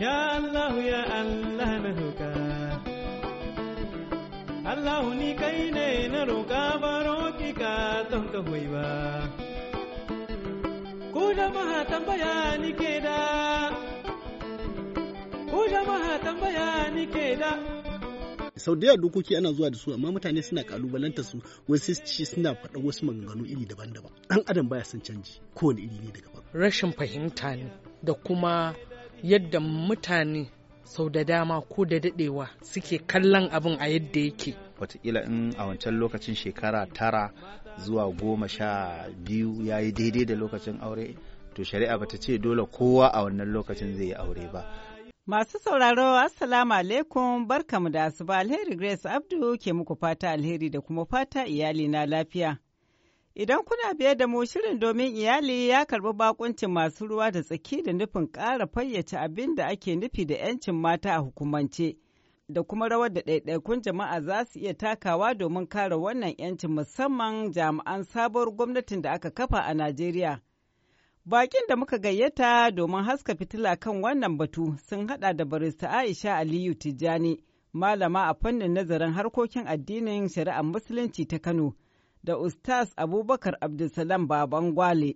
Ya Allah ya Allah na roƙa Allah ni kai ne na roƙa baro ki ka don ka hoyi ba Ku jama'a tambaya ni ke da Ku jama'a tambaya ni ke da sau da yawa dokoki ana zuwa da su amma mutane suna kalubalanta su wasu ci suna faɗa wasu maganganu iri daban-daban ɗan adam baya son canji kowane iri ne daga farko rashin fahimta ne da kuma yadda mutane sau da dama ko da daɗewa suke kallon abin a yadda yake watakila in a wancan lokacin shekara tara zuwa goma sha biyu ya yi daidai da lokacin aure to shari'a bata ce dole kowa a wannan lokacin zai yi aure ba Masu sauraro, Assalamu alaikum, barkamu da asuba alheri Grace Abdu ke muku fata alheri da kuma fata iyali na lafiya. Idan kuna biye da mu shirin domin iyali ya karbi bakuncin masu ruwa da tsaki da nufin ƙara fayyace abin da ake nufi da 'yancin mata a hukumance da kuma rawar da ɗaiɗaikun jama'a za su iya takawa domin kare wannan 'yancin musamman jami'an sabuwar gwamnatin da aka kafa a Najeriya. Bakin da muka gayyata domin haska fitila kan wannan batu sun hada da barista Aisha Aliyu Tijjani, malama a fannin nazarin harkokin addinin shari'ar Musulunci ta Kano. da Ustaz Abubakar Abdulsalam Baban Gwale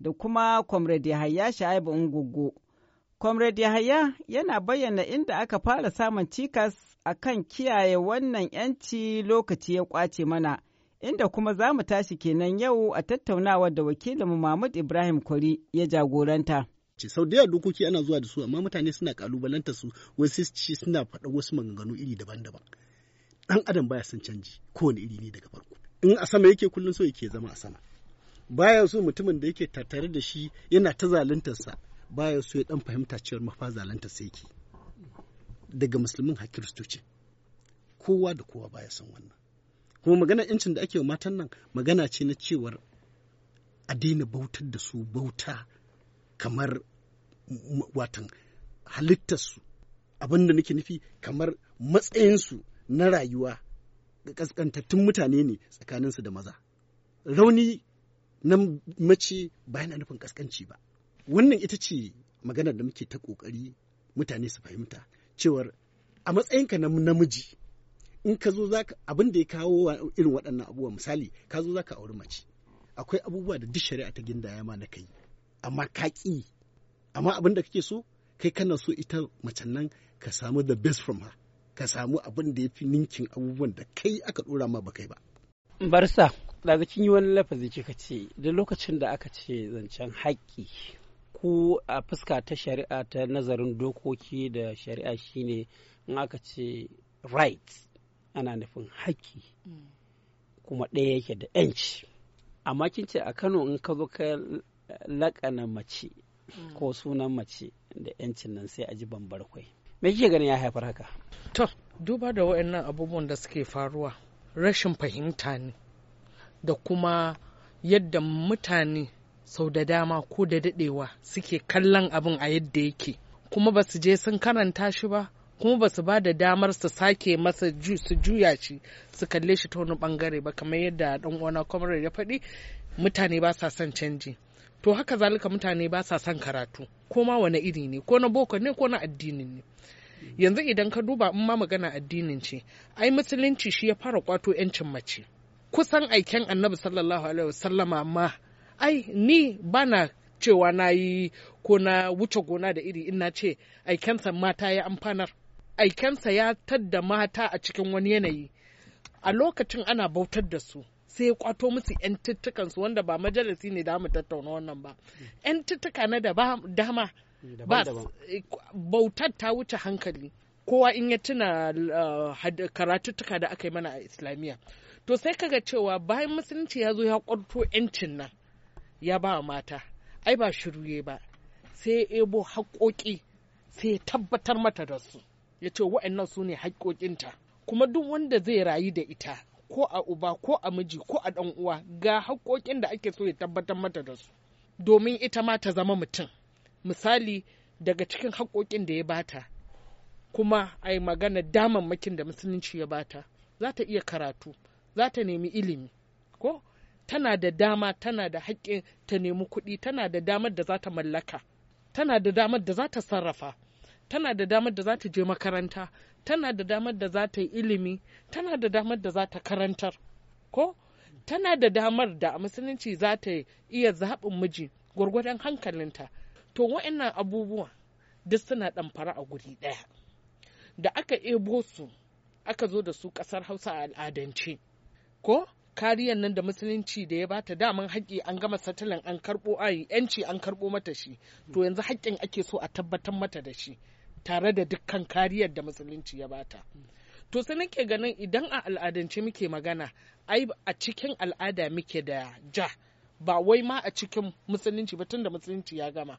da kuma Comrade Yahaya Sha'ibu Ungugu. Comrade Yahaya yana bayyana inda aka fara samun cikas a kan kiyaye wannan 'yanci lokaci ya kwace mana, inda kuma za mu tashi kenan yau a tattaunawa da Wakilin Mahmud Ibrahim Kwari ya jagoranta. ce sau da yawa dokoki ana zuwa da su amma mutane suna kalubalanta su wasu suna faɗa wasu maganganu iri daban-daban dan adam baya son canji kowane iri ne daga farko in a sama yake kullum so yake zama a sama baya so mutumin da yake tattare da shi yana ta zaluntarsa baya so ya dan fahimta cewar mafa zaluntar sai yake daga musulmin har kiristoci kowa da kowa baya son wannan kuma magana incin da ake wa matan nan magana ce na cewar a daina bautar da su bauta kamar watan halittarsu abinda da nake nufi kamar matsayinsu na rayuwa kaskantattun mutane ne tsakaninsu da maza rauni na mace ba yana nufin kaskanci ba wannan ita ce maganar da muke ta kokari mutane su fahimta cewar a matsayinka na namiji in ka zo za abin da ya kawo irin waɗannan abubuwa misali ka zo za ka auri mace akwai abubuwa da duk shari'a ta gindaya ma na kai amma ka ƙi amma abin da kake so kai kana so ita mace nan ka samu the best from her ka samu abin da ya fi ninkin abubuwan da kai aka ɗora ma ba kai ba. Barsa, da kin yi wani lafazi kika ce, da lokacin da aka ce zancen haƙƙi ko a fuska ta shari'a ta nazarin dokoki da shari'a shine in aka ce right ana nufin haƙƙi kuma ɗaya yake da 'yanci. Amma kin ce a Kano in ka zo ka laƙana mace ko sunan mace da 'yancin nan sai a ji bambar kwai. me ke ganin ya haifar haka to duba da waɗannan abubuwan da suke faruwa rashin fahimta ne da kuma yadda mutane sau da dama ko da dadewa suke kallon abin a yadda yake kuma ba su je sun karanta shi ba kuma ba su ba da damar su sake masa su juya shi su kalle shi ta wani bangare ba kamar yadda dan uwana ya faɗi mutane ba sa son canji to haka zalika mutane ba sa son karatu ko ma wani iri ne ko na boko ne ko na addinin ne yanzu idan ka duba in ma magana addinin ce ai musulunci shi ya fara kwato yancin mace kusan aiken annabi sallallahu alaihi wasallama ma ai ni bana cewa na yi ko na wuce gona da iri ina ce aikensa mata ya amfanar aikensa ya tadda mata a cikin wani yanayi a lokacin ana bautar da su sai ya kwato musu yan tuttukan wanda ba majalisi ne da mu tattauna wannan ba yan tuttuka na da dama ba bautar ta wuce hankali kowa in ya tuna uh, karatuttuka da aka yi mana a islamiyya to sai kaga cewa bayan musulunci ya zo ya kwarto yancin nan ya ba mata ai ba shiruye ba sai ya ebo haƙoƙi sai ya tabbatar mata da su ya ce wa'annan su ne haƙoƙinta kuma duk wanda zai rayu da ita ko a uba ko a miji ko a ɗan uwa ga haƙoƙin da ake so ya tabbatar mata da su domin ita ma ta zama mutum misali daga cikin haƙoƙin da ya bata kuma a yi magana damammakin da musulunci ya bata za ta iya karatu za ta nemi ilimi ko tana da dama tana da haƙƙin ta nemi kuɗi tana da damar da za ta mallaka tana da damar da za ta sarrafa tana da damar da za ta je makaranta tana da damar da za ta yi ilimi tana da damar da za ta karantar ko tana da damar da a musulunci za ta iya zaɓin miji gwargwadon hankalinta to wa'annan abubuwa duk suna ɗamfara a guri ɗaya da aka ebo su aka zo da su ƙasar hausa a al'adance ko kariyan nan da musulunci da ya bata daman haƙƙi an gama satalin an karɓo ayi yanci an karɓo mata shi to yanzu haƙƙin ake so a tabbatar mata da shi tare da dukkan kariyar da musulunci ya bata to sai nake ganin idan a al'adance muke magana ai a cikin al'ada muke da ja ba wai ma a cikin musulunci ba tunda musulunci ya gama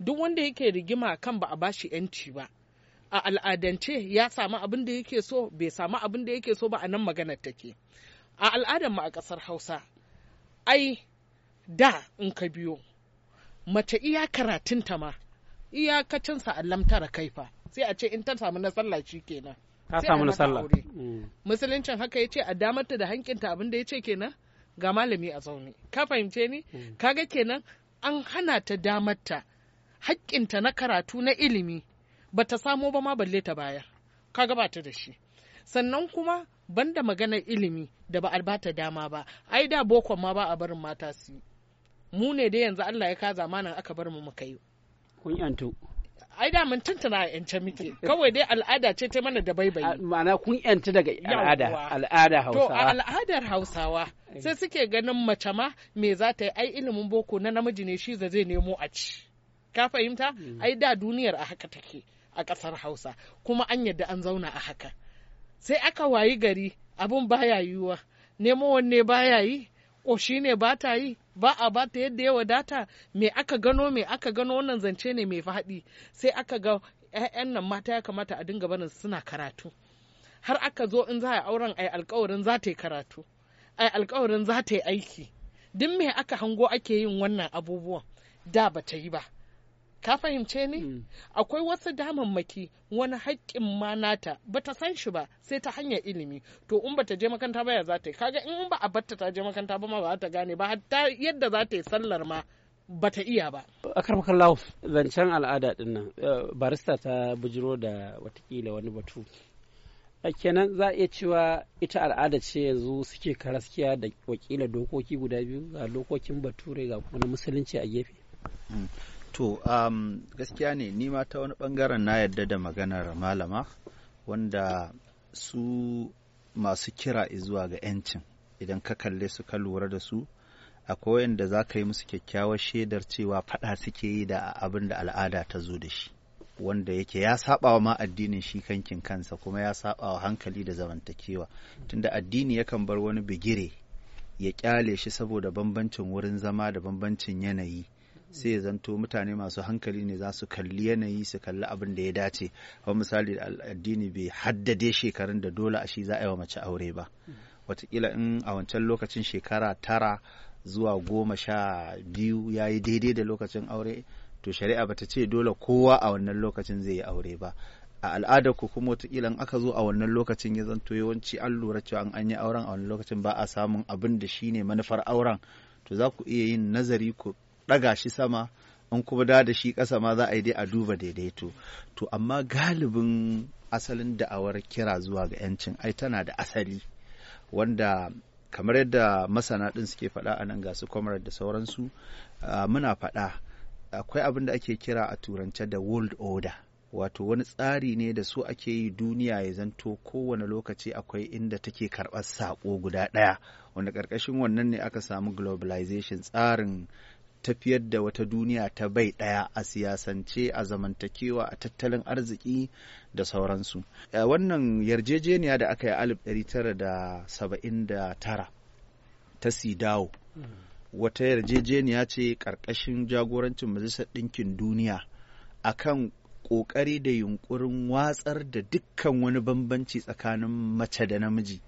duk wanda yake rigima kan ba a bashi yanci ba a al'adance ya samu abin da yake so bai samu abin da yake so ba a nan maganar take a al'adar mu a ƙasar hausa ai da in ka biyo mace iya karatunta ma iyakacin sa'allam tara kaifa sai a ce in ta samu na shi kenan ta samu na sallah mm. musuluncin haka ya ce a damarta da hankinta abin da ya ce kenan ga malami a zaune ka fahimce ni mm. kaga kenan an hana ta damarta hakkinta na karatu na ilimi ba ta samo ba ma balle ta bayar ka gabata da shi sannan kuma banda maganar ilimi da ba a bata dama ba ai da bokon ma ba a barin mata su mu ne dai yanzu Allah ya kaza manan aka bar mu muka yi kun yanto ai da mun tuntuna yance muke kawai dai al'ada ce ta mana da baibayi ma'ana kun yanta daga al'ada al'ada hausawa to al'adar hausawa sai suke ganin mace ma me za ta yi ai ilimin boko na namiji ne shi zai nemo a ci ka fahimta mm. ai da duniyar a haka take a ƙasar hausa kuma an yadda an zauna a haka sai aka wayi gari abun baya yiwuwa nemo wanne baya yi ƙoshi ne ba ta yi ba a ba ta yadda ya wadata me aka gano me aka gano wannan zance ne mai faɗi sai aka ga 'ya'yan nan mata ya kamata a dinga barin suna karatu har aka zo in za a auren ai alkawarin za ta yi karatu ai alkawarin za ta yi aiki duk me aka hango ake yin wannan abubuwan da ba ta yi ba ka fahimce ni hmm. akwai wasu damammaki wani haƙƙin ma nata bata san shi ba sai ta hanyar ilimi to in bata je makanta ba ya za ta yi kaga in ba a batta ta je makanta ba ma ba ta gane ba hatta yadda za ta yi sallar ma bata iya ba. A karfakar lauf zancen al'ada din nan eh, barista ta bujiro da watakila wani batu. kenan za a iya cewa ita al'ada ce yanzu suke karaskiya da wakila dokoki guda biyu ga dokokin bature ga kuma na musulunci a gefe. Hmm. To, um, gaskiya ne, ni ta wani bangaren na yarda da maganar malama wanda su masu kira zuwa ga 'yancin idan ka kalle su ka lura da su akwai wayanda za ka yi musu kyakkyawar shaidar cewa faɗa suke yi da abin da al'ada ta zo da shi wanda yake ya saɓawa ma addinin shi kankin kansa kuma ya saɓawa hankali da zamantakewa tunda addini yakan bar wani bigire ya kyale shi saboda bambancin wurin zama da bambancin yanayi sai ya zanto mutane masu hankali ne za su kalli yanayi su kalli abin da ya dace kuma misali addini bai haddade shekarun da dole a shi za a yi wa mace aure ba watakila in a wancan lokacin shekara tara zuwa goma sha biyu ya yi daidai da lokacin aure to shari'a bata ce dole kowa a wannan lokacin zai yi aure ba a al'adar ku kuma watakila in aka zo a wannan lokacin ya zanto yawanci an lura cewa an yi auren a wannan lokacin ba a samun abin da shine manufar auren to za ku iya yin nazari ku ɗaga shi sama in kuma da da shi ƙasa ma za a yi dai a duba daidaito to amma galibin asalin da'awar kira zuwa ga 'yancin ai tana da asali wanda kamar yadda masana ɗin suke faɗa a nan ga su comrade da sauransu muna faɗa akwai abin da ake kira a turance da world order wato wani tsari ne da su ake yi duniya ya zanto kowane lokaci akwai inda take karɓar saƙo guda ɗaya wanda ƙarƙashin wannan ne aka samu globalization tsarin tafiyar da wata duniya ta bai ɗaya a siyasance a zamantakewa a tattalin arziki da sauransu eh, wannan yarjejeniya da aka yi alif 1979 ta sidawo wata yarjejeniya ce ƙarƙashin jagorancin majalisar ɗinkin duniya akan ƙoƙari da yunƙurin watsar da dukkan wani bambanci tsakanin mace da namiji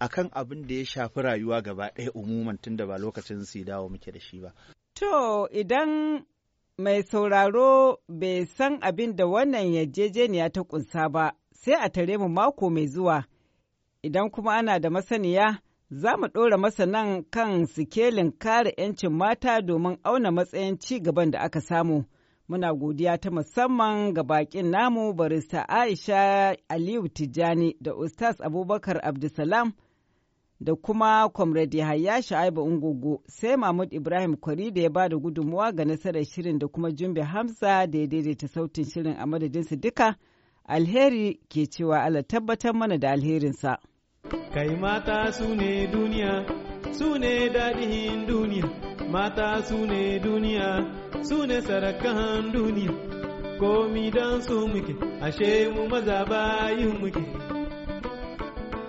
akan abin da ya shafi rayuwa gaba ɗaya umuman da ba lokacin sidawo muke da shi ba To idan mai sauraro bai san abin da wannan yarjejeniya ta kunsa ba, sai a tare mu mako mai zuwa. Idan kuma ana da masaniya, za mu ɗora nan kan sikelin kare 'yancin mata domin auna matsayin ci gaban da aka samu. Muna godiya ta musamman ga baƙin namu barista Aisha Aliyu Tijjani da Ustaz Abubakar Abdulsalam. da kuma Comrade Yahaya Sha'aibu Ungugu sai Mahmud Ibrahim Kwari da ya ba da gudunmuwa ga nasarar shirin da kuma Jumbe Hamza da ya daidaita sautin shirin a madadinsu duka alheri ke cewa Allah tabbatar mana da alherinsa. Kai mata su ne duniya, su ne daɗin duniya, mata su ne duniya, su ne sarakan duniya, komi don su muke, ashe mu maza bayin muke.